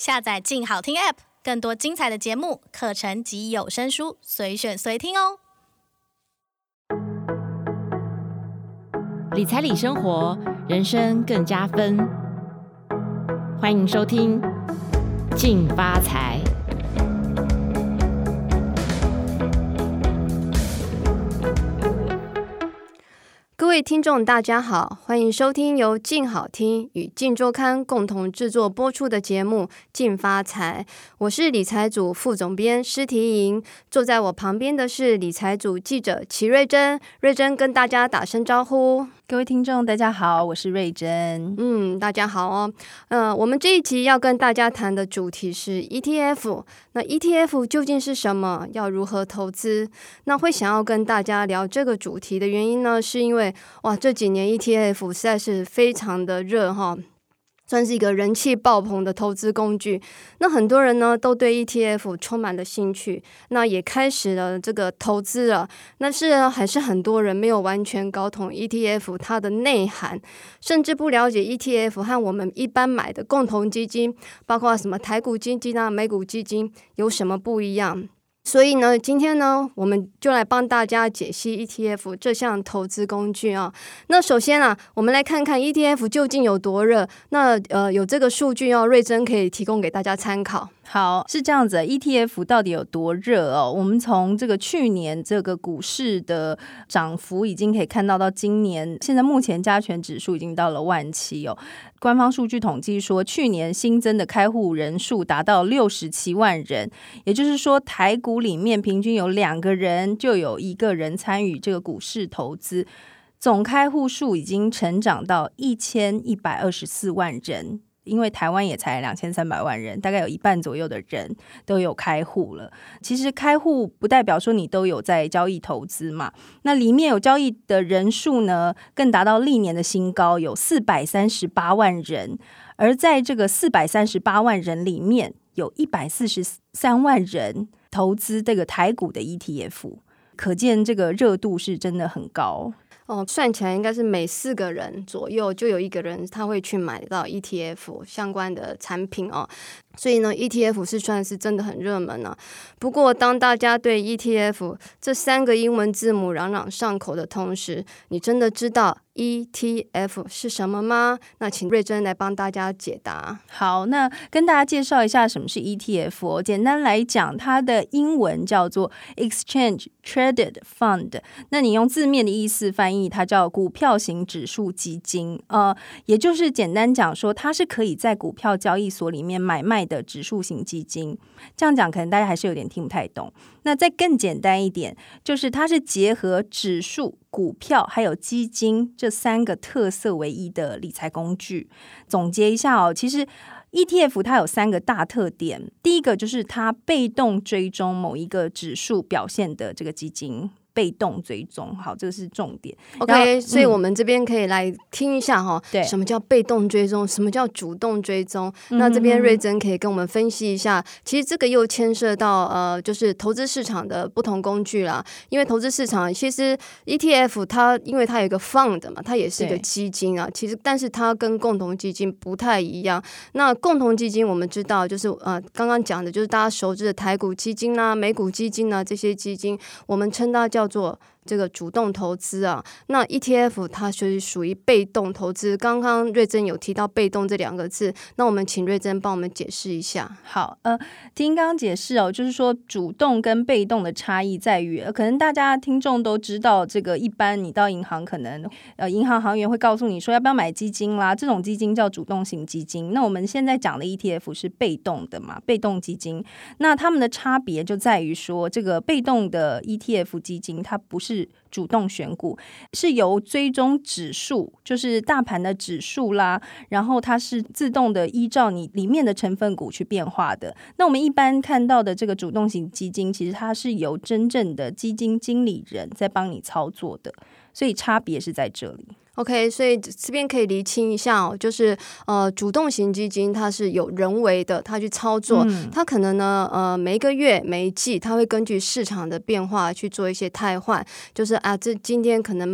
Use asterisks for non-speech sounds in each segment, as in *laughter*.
下載“經好聽 ”App，更多精彩的節目、課程及有聲書，隨選隨聽哦！理財理生活，人生更加分。歡迎收聽《經發財》。各位聽眾，大家好，歡迎收聽由靜好聽與靜週刊共同制作播出的節目《靜發財》。我是理財組副總編施禔盈，坐在我旁邊的是理財組記者齊瑞珍。瑞珍跟大家打聲招呼。各位聽眾，大家好，我是瑞珍。嗯，大家好哦。嗯、呃，我們這一集要跟大家談的主題是 ETF。那 ETF 究竟是什麼？要如何投資？那會想要跟大家聊這個主題的原因呢？是因為哇，這幾年 ETF 實在是非常的熱哈、哦。算是一個人氣爆棚的投資工具，那很多人呢都對 ETF 充滿了興趣，那也開始了這個投資了。但是呢，啊，還是很多人沒有完全搞懂 ETF 它的內涵，甚至不了解 ETF 和我們一般買的共同基金，包括什麼台股基金啊、美股基金有什麼不一樣。所以呢，今天呢，我們就來幫大家解析 ETF 這項投資工具啊、哦。那首先啊，我們來看看 ETF 究竟有多熱？那呃，有這個數據哦，瑞珍可以提供給大家參考。好，是這樣子，ETF 到底有多熱哦？我們從這個去年這個股市的漲幅已經可以看到，到今年現在目前加權指數已經到了萬七哦。官方數據統計說，去年新增的開戶人數達到六十七萬人，也就是說，台股裡面平均有兩個人就有一個人參與這個股市投資，總開戶數已經成長到一千一百二十四萬人。因為台灣也才兩千三百萬人，大概有一半左右的人都有開戶了。其實開戶不代表說你都有在交易投資嘛。那裡面有交易的人數呢，更達到歷年的新高，有四百三十八萬人。而在這個四百三十八萬人裡面，有一百四十三萬人投資這個台股的 ETF，可見這個熱度是真的很高。哦，算起來應該是每四個人左右就有一個人他會去買到 ETF 相關的產品哦。所以呢，ETF 是算是真的很熱門呢、啊。不過，當大家對 ETF 這三個英文字母朗朗上口的同時，你真的知道 ETF 是什麼嗎？那請瑞珍來幫大家解答。好，那跟大家介紹一下什麼是 ETF，哦。簡單來講，它的英文叫做 Exchange Traded Fund。那你用字面的意思翻譯，它叫股票型指數基金。呃，也就是簡單講說，它是可以在股票交易所裡面買賣的的指數型基金，這樣講可能大家還是有點聽不太懂。那再更簡單一點，就是它是結合指數、股票還有基金這三個特色為一的理財工具。總結一下哦，其實 ETF 它有三個大特點，第一個就是它被動追蹤某一個指數表現的這個基金。被動追蹤，好，這個是重點。OK，、嗯、所以，我們這邊可以來聽一下哈，對，什麼叫被動追蹤，什麼叫主動追蹤、嗯？那這邊瑞珍可以跟我們分析一下。嗯、哼哼其實這個又牽涉到呃，就是投資市場的不同工具啦。因為投資市場其實 ETF 它因為它有一個 fund 嘛，它也是一個基金啊。其實，但是它跟共同基金不太一樣。那共同基金我們知道，就是呃，剛剛講的就是大家熟知的台股基金啊、美股基金啊這些基金，我們稱它叫，叫做。這個主動投資啊，那 ETF 它就是屬於被動投資。剛剛瑞珍有提到被動這兩個字，那我們請瑞珍幫我們解釋一下。好，呃，聽剛剛解釋哦，就是說主動跟被動的差異在於，可能大家聽眾都知道，這個一般你到銀行，可能呃銀行行員會告訴你說要不要買基金啦，這種基金叫主動型基金。那我們現在講的 ETF 是被動的嘛，被動基金，那他們的差別就在於說，這個被動的 ETF 基金它不是。主動選股是由追蹤指數，就是大盤的指數啦，然後它是自動的依照你裡面的成分股去變化的。那我們一般看到的這個主動型基金，其實它是由真正的基金經理人在幫你操作的，所以差別是在這裡。OK，所以這邊可以釐清一下哦，就是呃，主動型基金它是有人為的，它去操作，嗯、它可能呢，呃，每一個月每一季，它會根據市場的變化去做一些汰換，就是啊，這今天可能、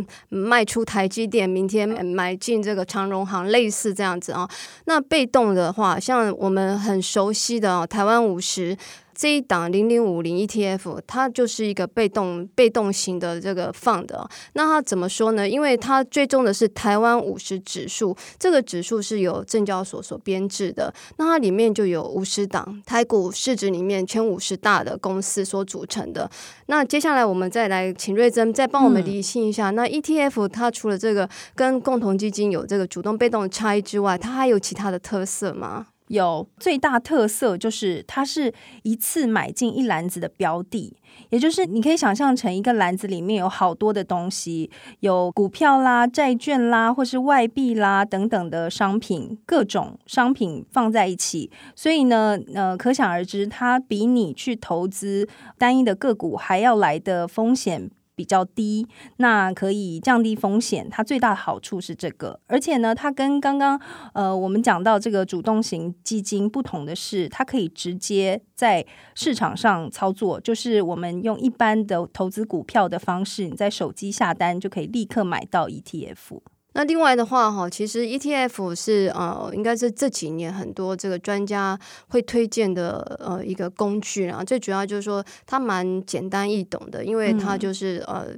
嗯、賣出台積電，明天、呃、買進這個長榮航，類似這樣子啊、哦。那被動的話，像我們很熟悉的哦，台灣五十。這一檔零零五零 ETF，它就是一個被動被動型的這個放的。那它怎麼說呢？因為它追蹤的是台灣五十指數，這個指數是由證交所所編制的。那它裡面就有五十檔台股市值裡面前五十大的公司所組成的。那接下來我們再來請瑞珍再幫我們理清一下、嗯。那 ETF 它除了這個跟共同基金有這個主動被動的差異之外，它還有其他的特色嗎？有最大特色就是它是一次買進一籃子的標的，也就是你可以想象成一個籃子裡面有好多的東西，有股票啦、債券啦，或是外幣啦等等的商品，各種商品放在一起。所以呢，呃，可想而知，它比你去投資單一的個股還要來的風險，比較低，那可以降低風險。它最大的好處是這個，而且呢，它跟剛剛呃我們講到這個主動型基金不同的是，它可以直接在市場上操作，就是我們用一般的投資股票的方式，你在手機下單就可以立刻買到 ETF。那另外的話哈，其實 ETF 是，呃，應該是這幾年很多這個專家會推薦的呃一個工具啊。然後最主要就是說它蠻簡單易懂的，因為它就是、嗯、呃，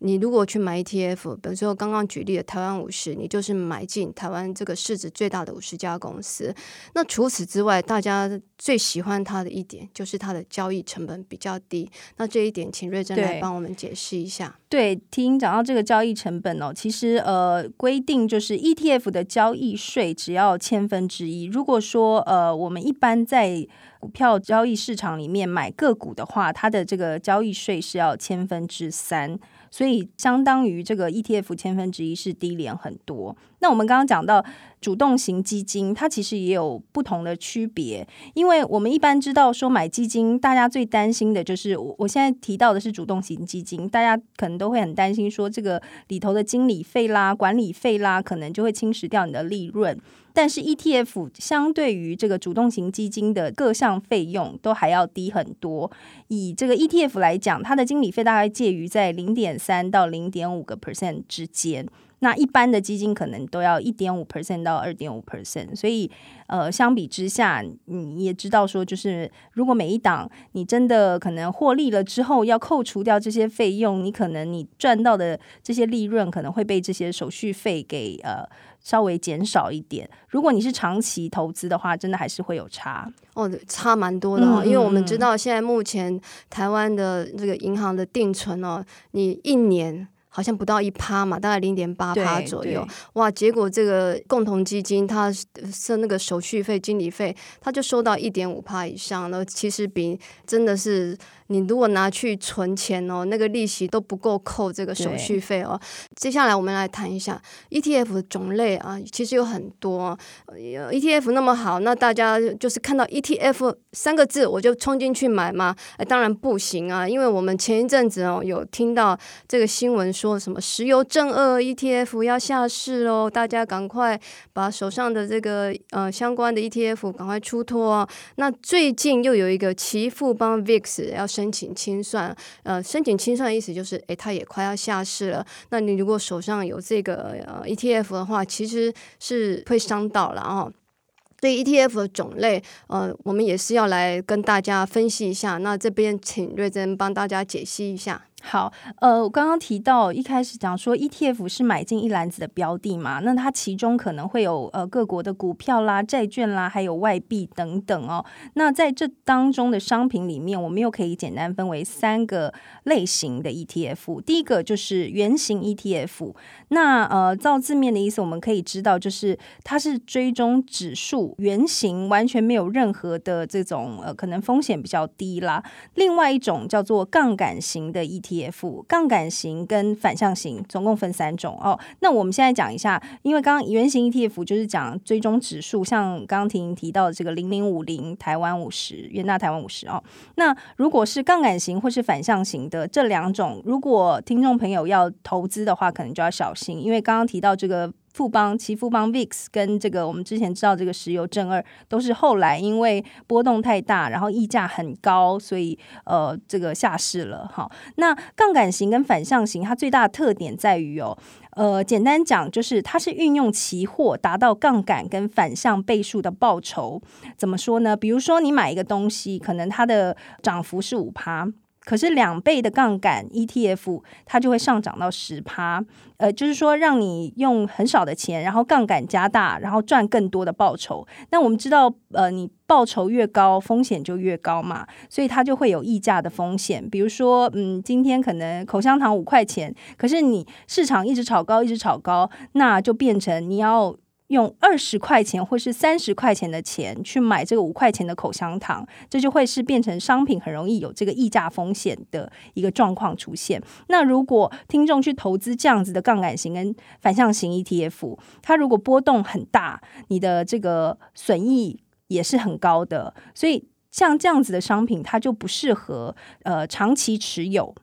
你如果去買 ETF，比如說我剛剛舉例的台灣五十，你就是買進台灣這個市值最大的五十家公司。那除此之外，大家。最喜歡它的一點就是它的交易成本比較低。那這一點，請瑞珍來幫我們解釋一下。對，聽講到這個交易成本哦，其實呃，規定就是 ETF 的交易稅只要千分之一。如果說呃，我們一般在股票交易市場裡面買個股的話，它的這個交易稅是要千分之三，所以相當於這個 ETF 千分之一是低廉很多。那我們剛剛講到主動型基金，它其實也有不同的區別，因為我們一般知道說買基金，大家最擔心的就是我我現在提到的是主動型基金，大家可能都會很擔心說這個裡頭的經理費啦、管理費啦，可能就會侵蝕掉你的利潤。但是 ETF 相對於這個主動型基金的各項費用都還要低很多。以這個 ETF 來講，它的經理費大概介於在零點三到零點五個 percent 之間。那一般的基金可能都要一點五 percent 到二點五 percent。所以，呃，相比之下，你也知道說，就是如果每一檔你真的可能獲利了之後，要扣除掉這些費用，你可能你賺到的這些利潤可能會被這些手續費給呃。稍微減少一點。如果你是長期投資的話，真的還是會有差哦，差蠻多的哦、嗯。因為我們知道現在目前台灣的這個銀行的定存哦，你一年好像不到一趴嘛，大概零點八趴左右。哇，結果這個共同基金它是那個手續費、經理費，它就收到一點五趴以上了。那其實比真的是。你如果拿去存錢哦，那個利息都不夠扣這個手續費哦。接下來我們來談一下 ETF 的種類啊，其實有很多。呃，ETF 那麼好，那大家就是看到 ETF 三個字我就衝進去買嘛。哎，當然不行啊，因為我們前一陣子哦有聽到這個新聞說什麼石油正二 ETF 要下市哦。大家趕快把手上的這個呃相關的 ETF 趕快出脫哦。那最近又有一個奇富邦 VIX 要申請清算，呃，申請清算的意思就是，哎，他也快要下市了。那你如果手上有這個呃 ETF 的話，其實是會傷到了啊哦。對 ETF 的種類，呃，我們也是要來跟大家分析一下。那這邊請瑞珍幫大家解析一下。好，呃，我剛剛提到一開始講說，ETF 是買進一籃子的標的嘛？那它其中可能會有呃各國的股票啦、債券啦，還有外幣等等哦。那在這當中的商品裡面，我們又可以簡單分為三個類型的 ETF。第一個就是原型 ETF，那呃，照字面的意思，我們可以知道就是它是追蹤指數，原型完全沒有任何的這種呃可能風險比較低啦。另外一種叫做槓桿型的 ETF。ETF 槓桿型跟反向型總共分三種哦。那我們現在講一下，因為剛剛原型 ETF 就是講追蹤指數，像剛剛提到的這個零零五零台灣五十元大台灣五十哦。那如果是槓桿型或是反向型的這兩種，如果聽眾朋友要投資的話，可能就要小心，因為剛剛提到這個。富邦、期富邦 VIX 跟這個我們之前知道這個石油正二，都是後來因為波動太大，然後溢價很高，所以呃這個下市了。好，那槓桿型跟反向型，它最大的特點在於哦，呃，簡單講就是它是運用期貨達到槓桿跟反向倍數的報酬。怎麼說呢？比如說你買一個東西，可能它的漲幅是五趴。可是兩倍的槓桿 ETF，它就會上漲到十趴，呃，就是說讓你用很少的錢，然後槓桿加大，然後賺更多的報酬。那我們知道，呃，你報酬越高，風險就越高嘛，所以它就會有溢價的風險。比如說，嗯，今天可能口香糖五塊錢，可是你市場一直炒高，一直炒高，那就變成你要，用二十塊錢或是三十塊錢的錢去買這個五塊錢的口香糖，這就會是變成商品很容易有這個溢價風險的一個狀況出現。那如果聽眾去投資這樣子的槓桿型跟反向型 ETF，它如果波動很大，你的這個損益也是很高的。所以像這樣子的商品，它就不適合，呃，長期持有。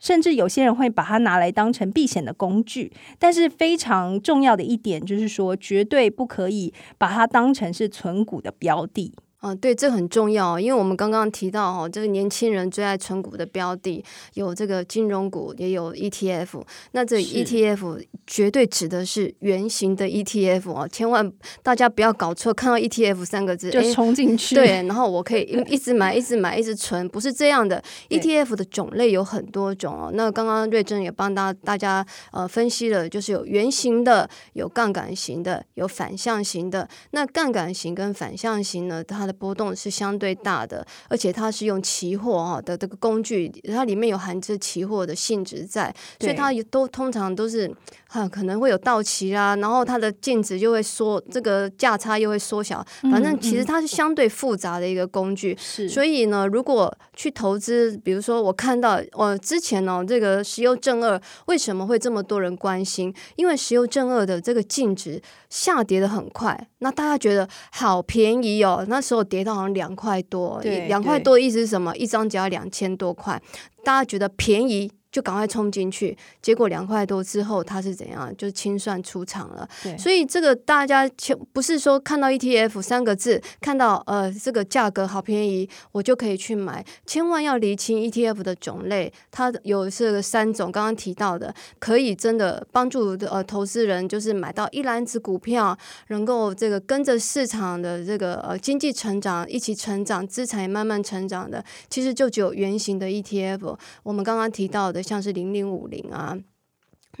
甚至有些人會把它拿來當成避險的工具，但是非常重要的一點就是說，絕對不可以把它當成是存股的標的。啊，對，這很重要，因為我們剛剛提到哈、哦，這個年輕人最愛存股的標的有這個金融股，也有 ETF。那這 ETF 絕對指的是原型的 ETF 哦，千萬大家不要搞錯，看到 ETF 三個字就衝進去。對，然後我可以一直買，一直買，一直存，不是這樣的。ETF 的種類有很多種哦。那剛剛瑞正也幫大大家呃分析了，就是有原型的，有槓桿型的，有反向型的。那槓桿型跟反向型呢，它波動是相對大的，而且它是用期貨啊的這個工具，它裡面有含着期貨的性質在，所以它都通常都是啊可能會有到期啦、啊，然後它的淨值就會縮，這個價差又會縮小，反正其實它是相對複雜的一個工具嗯嗯。所以呢，如果去投資，比如說我看到我、呃、之前呢、哦，這個石油正二為什麼會這麼多人關心？因為石油正二的這個淨值下跌得很快，那大家覺得好便宜哦，那時候。跌到好像兩塊多，對，兩塊多的意思是什麼？一張只要兩千多塊，大家覺得便宜。就趕快衝進去，結果兩塊多之後，他是怎樣？就清算出場了。對，所以這個大家千不是說看到 E T F 三個字，看到呃這個價格好便宜，我就可以去買。千萬要釐清 E T F 的種類，它有這個三種，剛剛提到的，可以真的幫助的呃投資人，就是買到一籃子股票，能夠這個跟着市場的這個呃經濟成長一起成長，資產也慢慢成長的。其實就只有原型的 E T F，我們剛剛提到的。像是零零五零啊。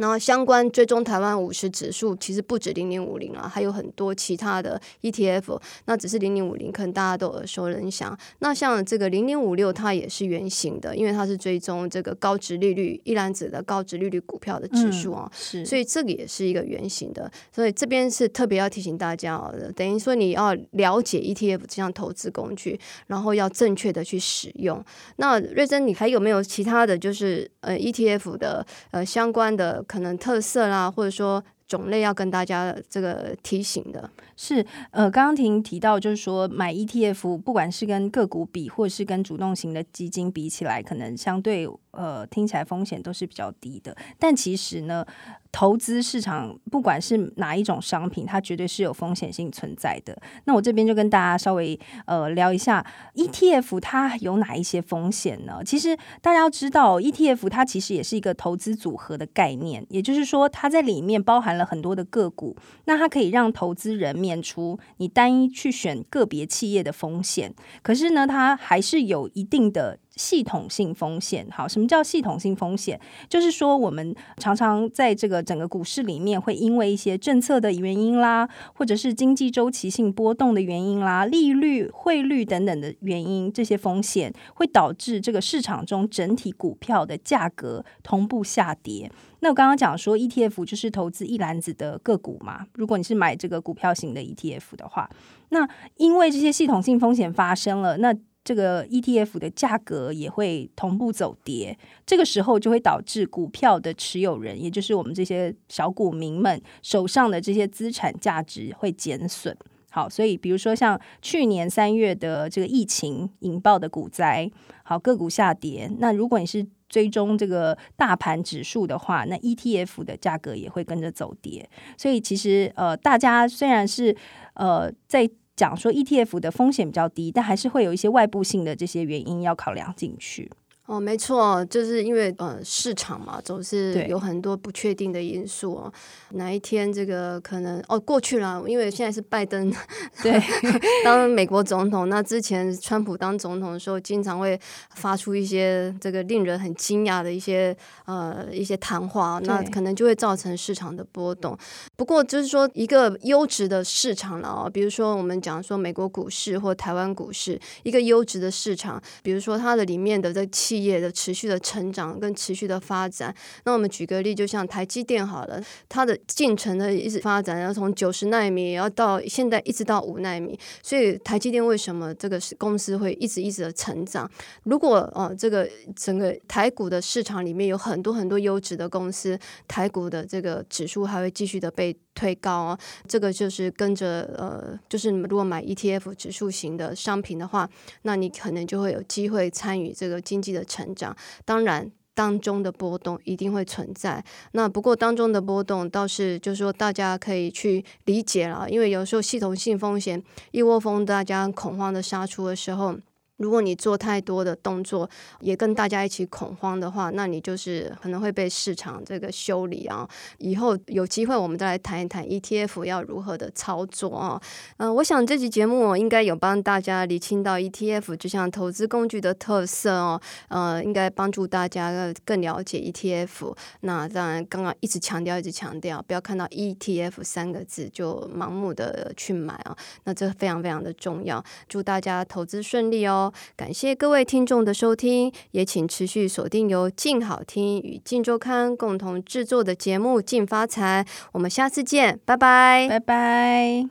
然後相關追蹤台灣五十指數其實不止零零五零啊，還有很多其他的 ETF。那只是零零五零，可能大家都耳熟能詳。那像這個零零五六，它也是原型的，因為它是追蹤這個高殖利率一籃子的高殖利率股票的指數啊，嗯、是所以這個也是一個原型的。所以這邊是特別要提醒大家哦，等於說你要了解 ETF 這項投資工具，然後要正確的去使用。那瑞珍，你還有沒有其他的就是呃 ETF 的呃相關的？可能特色啦，或者說種類，要跟大家這個提醒的，是呃，剛剛婷提到，就是說買 ETF，不管是跟個股比，或是跟主動型的基金比起來，可能相對。呃，聽起來風險都是比較低的，但其實呢，投資市場不管是哪一種商品，它絕對是有風險性存在的。那我這邊就跟大家稍微呃聊一下 ETF，它有哪一些風險呢？其實大家要知道，ETF 它其實也是一個投資組合的概念，也就是說它在裡面包含了很多的個股，那它可以讓投資人免除你單一去選個別企業的風險，可是呢，它還是有一定的，系統性風險，好，什麼叫系統性風險？就是說，我們常常在這個整個股市裡面，會因為一些政策的原因啦，或者是經濟周期性波動的原因啦，利率、匯率等等的原因，這些風險會導致這個市場中整體股票的價格同步下跌。那我剛剛講說，ETF 就是投資一籃子的個股嘛。如果你是買這個股票型的 ETF 的話，那因為這些系統性風險發生了，那這個 ETF 的價格也會同步走跌，這個時候就會導致股票的持有人，也就是我們這些小股民們手上的這些資產價值會減損。好，所以比如說像去年三月的這個疫情引爆的股災，好，個股下跌，那如果你是追蹤這個大盤指數的話，那 ETF 的價格也會跟着走跌。所以其實呃，大家雖然是呃在。講說 ETF 的風險比較低，但還是會有一些外部性的這些原因要考量進去。哦，沒錯，就是因為呃市場嘛，總是有很多不確定的因素哦。哪一天這個可能哦過去了，因為現在是拜登對 *laughs* 當美國總統，那之前川普當總統的時候，經常會發出一些這個令人很驚訝的一些呃一些談話，那可能就會造成市場的波動。不過就是說，一個優質的市場了、哦，比如說我們講說美國股市或台灣股市，一個優質的市場，比如說它的裡面的這七。業的持續的成長跟持續的發展，那我們舉個例，就像台積電好了，它的進程的一直發展，要從九十奈米要到現在一直到五奈米，所以台積電為什麼這個公司會一直一直的成長？如果哦、呃，這個整個台股的市場裡面有很多很多優質的公司，台股的這個指數還會繼續的被。推高哦，這個就是跟着呃，就是你們如果買 ETF 指數型的商品的話，那你可能就會有機會參與這個經濟的成長。當然，當中的波動一定會存在。那不過當中的波動倒是，就是說大家可以去理解了，因為有時候系統性風險一窩蜂，大家恐慌的殺出的時候，如果你做太多的動作，也跟大家一起恐慌的話，那你就是可能會被市場這個修理啊。以後有機會我們再來談一談 ETF 要如何的操作啊。嗯，我想這期節目應該有幫大家理清到 ETF 這項投資工具的特色哦。呃，應該幫助大家更了解 ETF。那當然，剛剛一直強調，一直強調，不要看到 ETF 三個字就盲目的去買啊。那這非常非常的重要。祝大家投資順利哦。感謝各位聽眾的收聽，也請持續鎖定由鏡好聽與鏡週刊共同制作的節目《鏡發財》，我們下次見，拜拜，拜拜。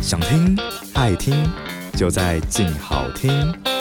想聽愛聽，就在鏡好聽。